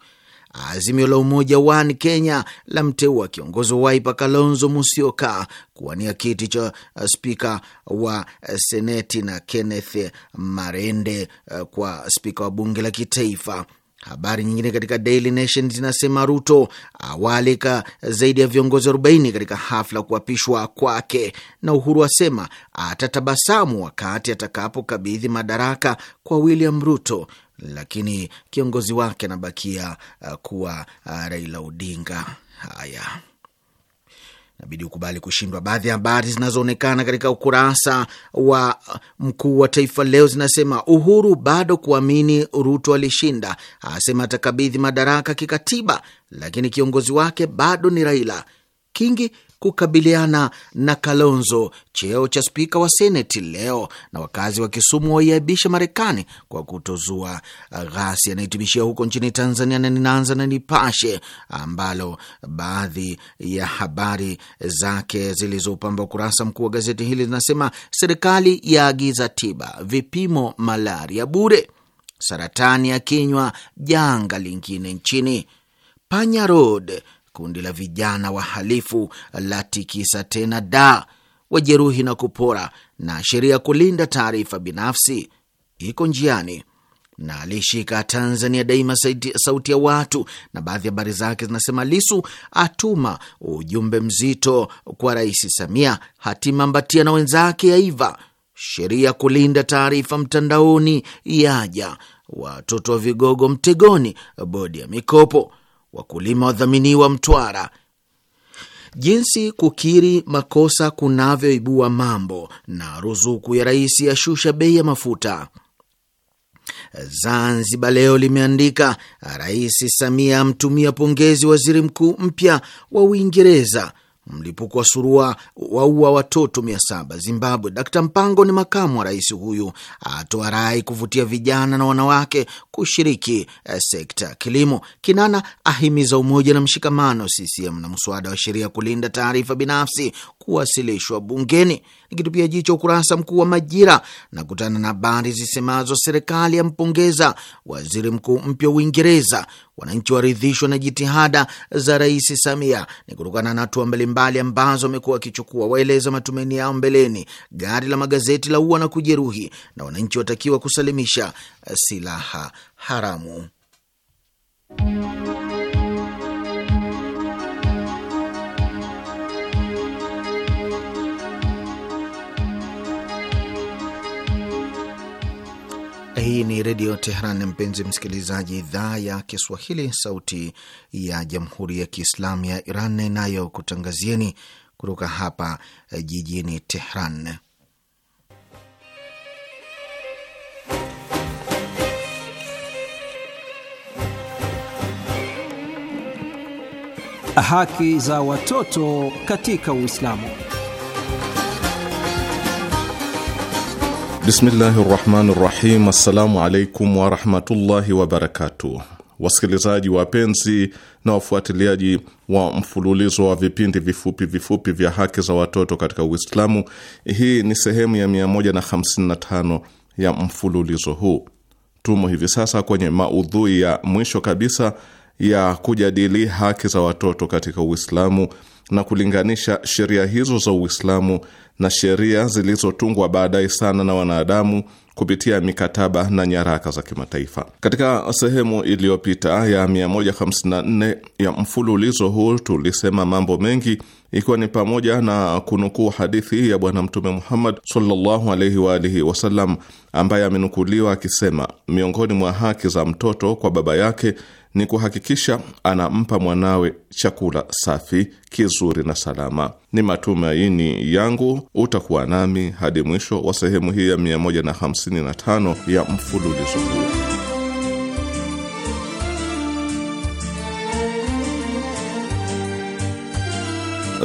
Azimio la Umoja One Kenya la mteua kiongozi wa Wiper Kalonzo Musyoka kuwania kiti cha uh, spika wa seneti na Kenneth Marende uh, kwa spika wa bunge la kitaifa. Habari nyingine katika Daily Nation zinasema Ruto awalika zaidi ya viongozi 40 katika hafla kuapishwa kwake, na Uhuru asema atatabasamu wakati atakapokabidhi madaraka kwa William Ruto, lakini kiongozi wake anabakia uh, kuwa uh, Raila Odinga. Haya inabidi ukubali kushindwa. Baadhi ya habari zinazoonekana katika ukurasa wa mkuu wa Taifa Leo zinasema Uhuru bado kuamini Ruto alishinda, asema atakabidhi madaraka kikatiba, lakini kiongozi wake bado ni Raila. Kingi kukabiliana na Kalonzo cheo cha spika wa seneti leo, na wakazi wa Kisumu waiaibisha Marekani kwa kutozua ghasia. Anahitimishia huko nchini Tanzania, na ninaanza na Nipashe ambalo baadhi ya habari zake zilizopamba ukurasa mkuu wa gazeti hili zinasema: serikali yaagiza tiba, vipimo malaria bure, saratani ya kinywa janga lingine nchini. Panya Road kundi la vijana wahalifu la tikisa tena da wajeruhi na kupora, na sheria ya kulinda taarifa binafsi iko njiani na alishika Tanzania Daima, sauti ya watu, na baadhi ya habari zake zinasema: Lisu atuma ujumbe mzito kwa Rais Samia, hatima Mbatia na wenzake yaiva, sheria kulinda taarifa mtandaoni yaja, watoto wa vigogo mtegoni, bodi ya mikopo wakulima wadhaminiwa Mtwara. Jinsi kukiri makosa kunavyoibua mambo, na ruzuku ya rais yashusha bei ya mafuta. Zanzibar Leo limeandika Rais Samia amtumia pongezi waziri mkuu mpya wa Uingereza Mlipuko wa surua waua watoto mia saba Zimbabwe. Dkt Mpango ni makamu wa rais, huyu atoa rai kuvutia vijana na wanawake kushiriki eh, sekta ya kilimo. Kinana ahimiza umoja na mshikamano CCM na mswada wa sheria kulinda taarifa binafsi kuwasilishwa bungeni. Nikitupia jicho ukurasa mkuu wa Majira na kutana na habari zisemazo serikali yampongeza waziri mkuu mpya Uingereza Wananchi waridhishwa na jitihada za Rais Samia ni kutokana na hatua mbalimbali ambazo wamekuwa wakichukua. Waeleza matumaini yao mbeleni. Gari la magazeti la ua na kujeruhi, na wananchi watakiwa kusalimisha silaha haramu. Hii ni Redio Teheran, mpenzi msikilizaji, idhaa ya Kiswahili, sauti ya Jamhuri ya Kiislamu ya Iran inayokutangazieni kutoka hapa eh, jijini Teheran. Haki za watoto katika Uislamu. Bismillahi rahmani rahim. Assalamu alaikum warahmatullahi wabarakatuh. Wasikilizaji wapenzi na wafuatiliaji wa mfululizo wa vipindi vifupi vifupi vya haki za watoto katika Uislamu, hii ni sehemu ya 155 ya mfululizo huu. Tumo hivi sasa kwenye maudhui ya mwisho kabisa ya kujadili haki za watoto katika Uislamu na kulinganisha sheria hizo za Uislamu na sheria zilizotungwa baadaye sana na wanadamu kupitia mikataba na nyaraka za kimataifa. Katika sehemu iliyopita ya 154 ya mfululizo huu tulisema mambo mengi, ikiwa ni pamoja na kunukuu hadithi ya Bwana Mtume Muhammad sallallahu alaihi wa alihi wasallam, ambaye amenukuliwa akisema, miongoni mwa haki za mtoto kwa baba yake ni kuhakikisha anampa mwanawe chakula safi, kizuri na salama. Ni matumaini yangu utakuwa nami hadi mwisho wa sehemu hii ya 155 ya mfululizo huu.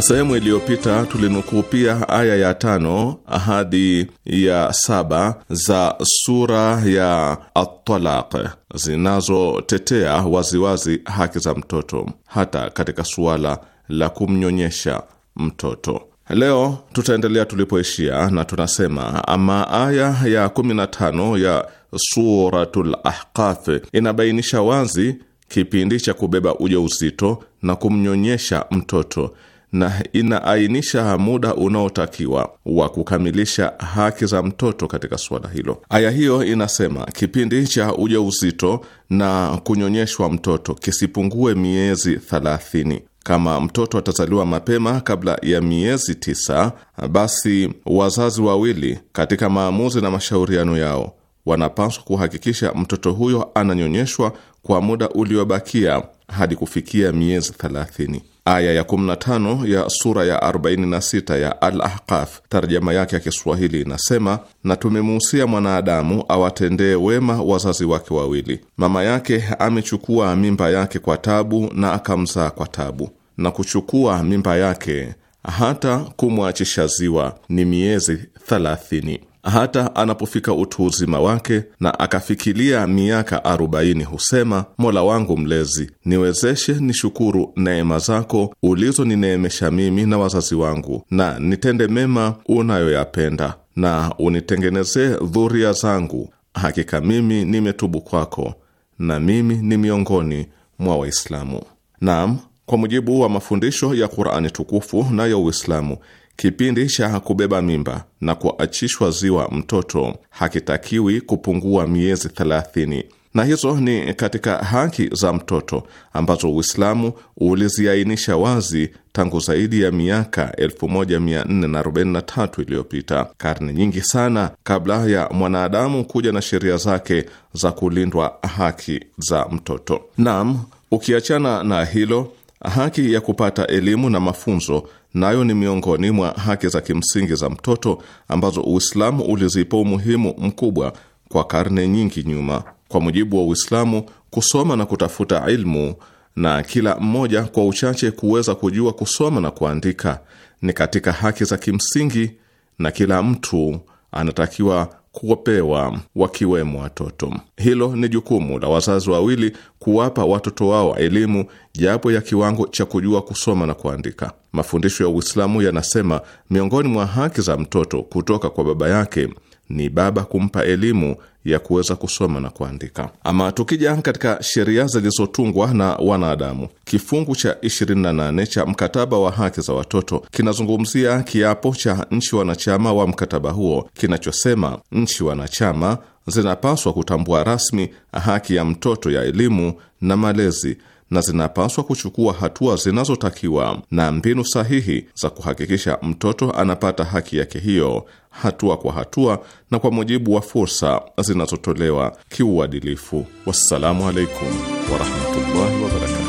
Sehemu iliyopita tulinukuu pia aya ya tano hadi ya saba za sura ya At-Talaq zinazotetea waziwazi haki za mtoto hata katika suala la kumnyonyesha mtoto. Leo tutaendelea tulipoishia na tunasema, ama aya ya 15 ya Suratul Ahqaf inabainisha wazi kipindi cha kubeba ujauzito na kumnyonyesha mtoto na inaainisha muda unaotakiwa wa kukamilisha haki za mtoto katika suala hilo. Aya hiyo inasema kipindi cha ujauzito na kunyonyeshwa mtoto kisipungue miezi thelathini. Kama mtoto atazaliwa mapema kabla ya miezi tisa, basi wazazi wawili katika maamuzi na mashauriano yao wanapaswa kuhakikisha mtoto huyo ananyonyeshwa kwa muda uliobakia hadi kufikia miezi thelathini aya ya 15 ya sura ya 46 ya Al-Ahqaf. Tarjama yake ya Kiswahili inasema, na tumemuhusia mwanadamu awatendee wema wazazi wake wawili. Mama yake amechukua mimba yake kwa tabu na akamzaa kwa tabu, na kuchukua mimba yake hata kumwachisha ziwa ni miezi thalathini hata anapofika utu uzima wake na akafikilia miaka arobaini, husema Mola wangu Mlezi, niwezeshe nishukuru neema zako ulizonineemesha mimi na wazazi wangu, na nitende mema unayoyapenda, na unitengenezee dhuria zangu. Hakika mimi nimetubu kwako, na mimi ni miongoni mwa Waislamu. Naam, kwa mujibu wa mafundisho ya Qur'ani tukufu na ya Uislamu Kipindi cha kubeba mimba na kuachishwa ziwa mtoto hakitakiwi kupungua miezi thelathini, na hizo ni katika haki za mtoto ambazo Uislamu uliziainisha wazi tangu zaidi ya miaka 1443 iliyopita, karne nyingi sana kabla ya mwanadamu kuja na sheria zake za kulindwa haki za mtoto. Naam, ukiachana na hilo, haki ya kupata elimu na mafunzo nayo ni miongoni mwa haki za kimsingi za mtoto ambazo Uislamu ulizipa umuhimu mkubwa kwa karne nyingi nyuma. Kwa mujibu wa Uislamu, kusoma na kutafuta ilmu na kila mmoja kwa uchache kuweza kujua kusoma na kuandika ni katika haki za kimsingi, na kila mtu anatakiwa kuwapewa wakiwemo watoto. Hilo ni jukumu la wazazi wawili kuwapa watoto wao elimu japo ya kiwango cha kujua kusoma na kuandika. Mafundisho ya Uislamu yanasema miongoni mwa haki za mtoto kutoka kwa baba yake ni baba kumpa elimu ya kuweza kusoma na kuandika. Ama tukija katika sheria zilizotungwa na wanadamu, kifungu cha 28 cha mkataba wa haki za watoto kinazungumzia kiapo cha nchi wanachama wa mkataba huo kinachosema, nchi wanachama zinapaswa kutambua rasmi haki ya mtoto ya elimu na malezi na zinapaswa kuchukua hatua zinazotakiwa na mbinu sahihi za kuhakikisha mtoto anapata haki yake hiyo hatua kwa hatua na kwa mujibu wa fursa zinazotolewa kiuadilifu. Wassalamu alaikum warahmatullahi wabarakatu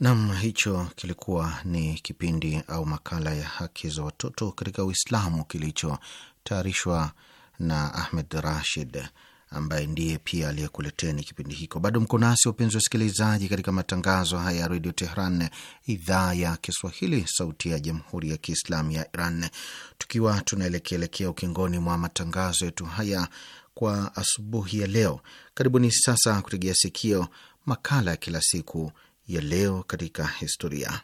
Nam, hicho kilikuwa ni kipindi au makala ya haki za watoto katika Uislamu kilichotayarishwa na Ahmed Rashid ambaye ndiye pia aliyekuleteni kipindi hiko. Bado mko nasi wapenzi wasikilizaji, katika matangazo haya ya redio Tehran, idhaa ya Kiswahili, sauti ya jamhuri ya kiislamu ya Iran, tukiwa tunaelekeelekea ukingoni mwa matangazo yetu haya kwa asubuhi ya leo. Karibuni sasa kutegea sikio makala ya kila siku ya leo katika historia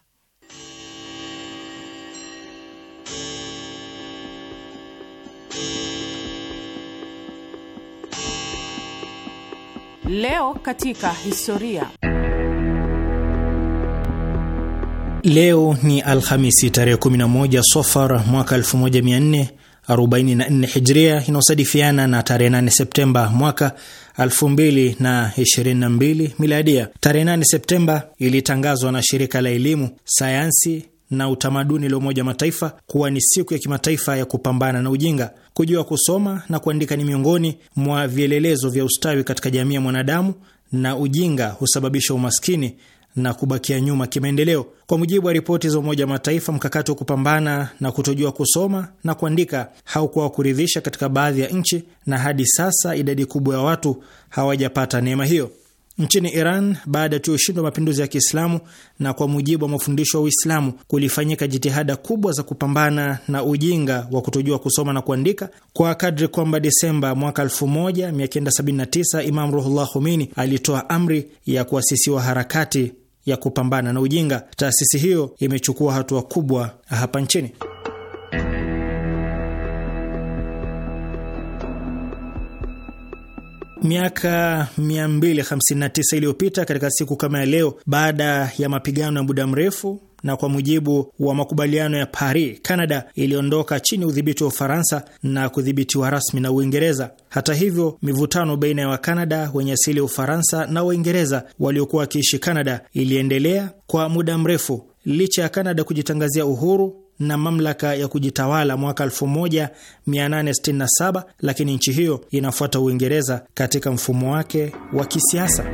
Leo katika historia. Leo ni Alhamisi tarehe 11 Sofar mwaka 1444 Hijria, inayosadifiana na tarehe 8 Septemba mwaka 2022 Miladia. Tarehe 8 Septemba ilitangazwa na shirika la elimu, sayansi na utamaduni la Umoja Mataifa kuwa ni siku ya kimataifa ya kupambana na ujinga. Kujua kusoma na kuandika ni miongoni mwa vielelezo vya ustawi katika jamii ya mwanadamu, na ujinga husababisha umaskini na kubakia nyuma kimaendeleo. Kwa mujibu wa ripoti za Umoja wa Mataifa, mkakati wa kupambana na kutojua kusoma na kuandika haukuwa wa kuridhisha katika baadhi ya nchi, na hadi sasa idadi kubwa ya watu hawajapata neema hiyo nchini Iran baada ya ushindi wa mapinduzi ya Kiislamu na kwa mujibu wa mafundisho ya Uislamu kulifanyika jitihada kubwa za kupambana na ujinga wa kutojua kusoma na kuandika kwa kadri kwamba Desemba mwaka 1979 Imam Ruhullah Khomeini alitoa amri ya kuasisiwa harakati ya kupambana na ujinga. Taasisi hiyo imechukua hatua kubwa hapa nchini. Miaka 259 iliyopita katika siku kama ya leo, baada ya mapigano ya muda mrefu na kwa mujibu wa makubaliano ya Paris, Canada iliondoka chini ya udhibiti wa Ufaransa na kudhibitiwa rasmi na Uingereza. Hata hivyo, mivutano baina ya Wakanada wenye asili ya Ufaransa na Waingereza waliokuwa wakiishi Canada iliendelea kwa muda mrefu licha ya Canada kujitangazia uhuru na mamlaka ya kujitawala mwaka 1867 lakini nchi hiyo inafuata Uingereza katika mfumo wake wa kisiasa.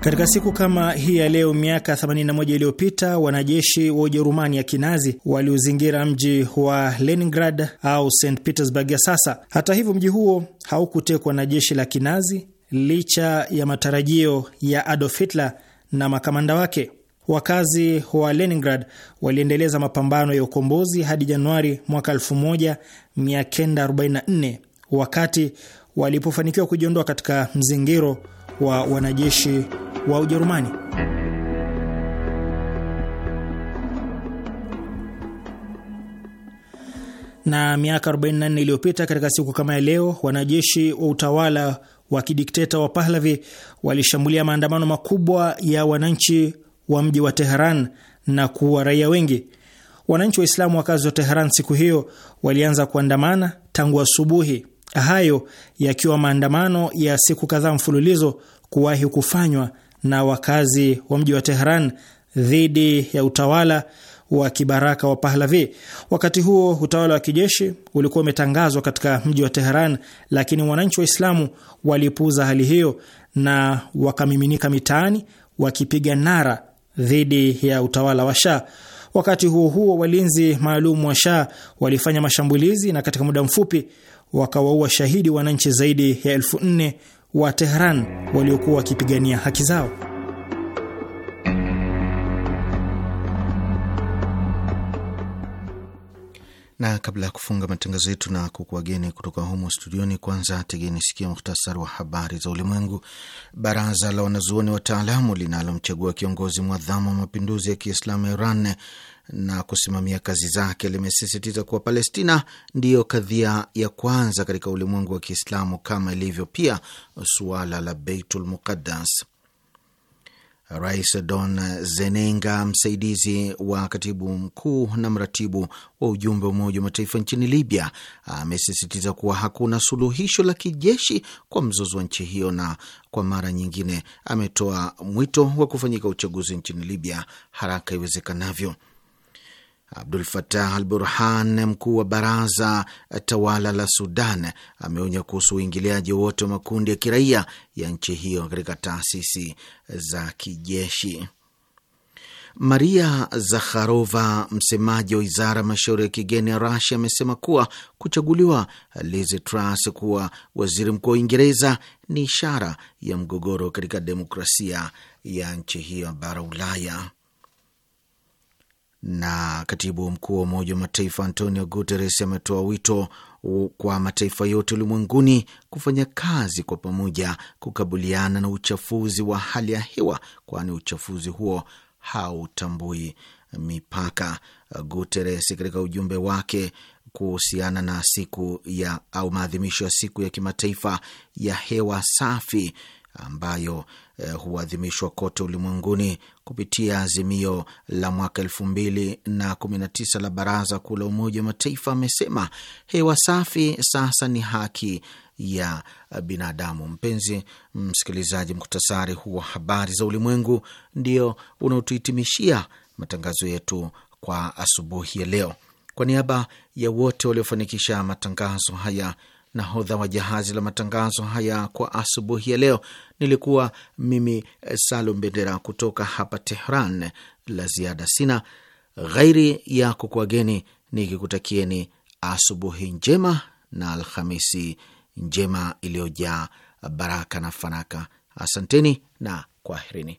Katika siku kama hii ya leo miaka 81 iliyopita wanajeshi wa Ujerumani ya kinazi waliuzingira mji wa Leningrad au St Petersburg ya sasa. Hata hivyo, mji huo haukutekwa na jeshi la kinazi licha ya matarajio ya Adolf Hitler na makamanda wake. Wakazi wa Leningrad waliendeleza mapambano ya ukombozi hadi Januari mwaka 1944 wakati walipofanikiwa kujiondoa katika mzingiro wa wanajeshi wa Ujerumani. Na miaka 44 iliyopita katika siku kama ya leo, wanajeshi wa utawala wa kidikteta wa Pahlavi walishambulia maandamano makubwa ya wananchi wa mji wa Teheran na kuua raia wengi. Wananchi Waislamu wakazi wa Teheran siku hiyo walianza kuandamana tangu asubuhi, hayo yakiwa maandamano ya siku kadhaa mfululizo kuwahi kufanywa na wakazi wa mji wa Teheran dhidi ya utawala wa kibaraka wa Pahlavi. Wakati huo utawala wa kijeshi ulikuwa umetangazwa katika mji wa Teheran, lakini wananchi Waislamu walipuuza hali hiyo na wakamiminika mitaani wakipiga nara dhidi ya utawala wa Shah. Wakati huo huo, walinzi maalum wa Shah walifanya mashambulizi na katika muda mfupi wakawaua shahidi wananchi zaidi ya elfu nne wa Tehran waliokuwa wakipigania haki zao. na kabla ya kufunga matangazo yetu na kukuwageni kutoka humo studioni, kwanza tegeni sikia muhtasari wa habari za ulimwengu. Baraza la wanazuoni wataalamu linalomchagua kiongozi mwadhamu wa mapinduzi ya Kiislamu ya Iran na kusimamia kazi zake limesisitiza kuwa Palestina ndiyo kadhia ya kwanza katika ulimwengu wa Kiislamu kama ilivyo pia suala la Beitul Muqaddas. Rais Don Zenenga, msaidizi wa katibu mkuu na mratibu wa ujumbe wa Umoja wa Mataifa nchini Libya, amesisitiza kuwa hakuna suluhisho la kijeshi kwa mzozo wa nchi hiyo, na kwa mara nyingine ametoa mwito wa kufanyika uchaguzi nchini Libya haraka iwezekanavyo. Abdul Fatah al Burhan, mkuu wa baraza tawala la Sudan, ameonya kuhusu uingiliaji wote wa makundi ya kiraia ya nchi hiyo katika taasisi za kijeshi. Maria Zakharova, msemaji wa wizara ya mashauri ya kigeni ya Rasia, amesema kuwa kuchaguliwa Liz Truss kuwa waziri mkuu wa Uingereza ni ishara ya mgogoro katika demokrasia ya nchi hiyo bara Ulaya na katibu mkuu wa Umoja wa Mataifa Antonio Guterres ametoa wito kwa mataifa yote ulimwenguni kufanya kazi kwa pamoja kukabiliana na uchafuzi wa hali ya hewa, kwani uchafuzi huo hautambui mipaka. Guterres katika ujumbe wake kuhusiana na siku ya au maadhimisho ya siku ya kimataifa ya hewa safi ambayo eh, huadhimishwa kote ulimwenguni kupitia azimio la mwaka elfu mbili na kumi na tisa la Baraza Kuu la Umoja wa Mataifa amesema hewa safi sasa ni haki ya binadamu. Mpenzi msikilizaji, muktasari huu wa habari za ulimwengu ndio unaotuhitimishia matangazo yetu kwa asubuhi ya leo. Kwa niaba ya wote waliofanikisha matangazo haya nahodha wa jahazi la matangazo haya kwa asubuhi ya leo nilikuwa mimi eh, Salum Bendera kutoka hapa Tehran. La ziada sina ghairi ya kukuageni nikikutakieni asubuhi njema na Alhamisi njema iliyojaa baraka na fanaka. Asanteni na kwaherini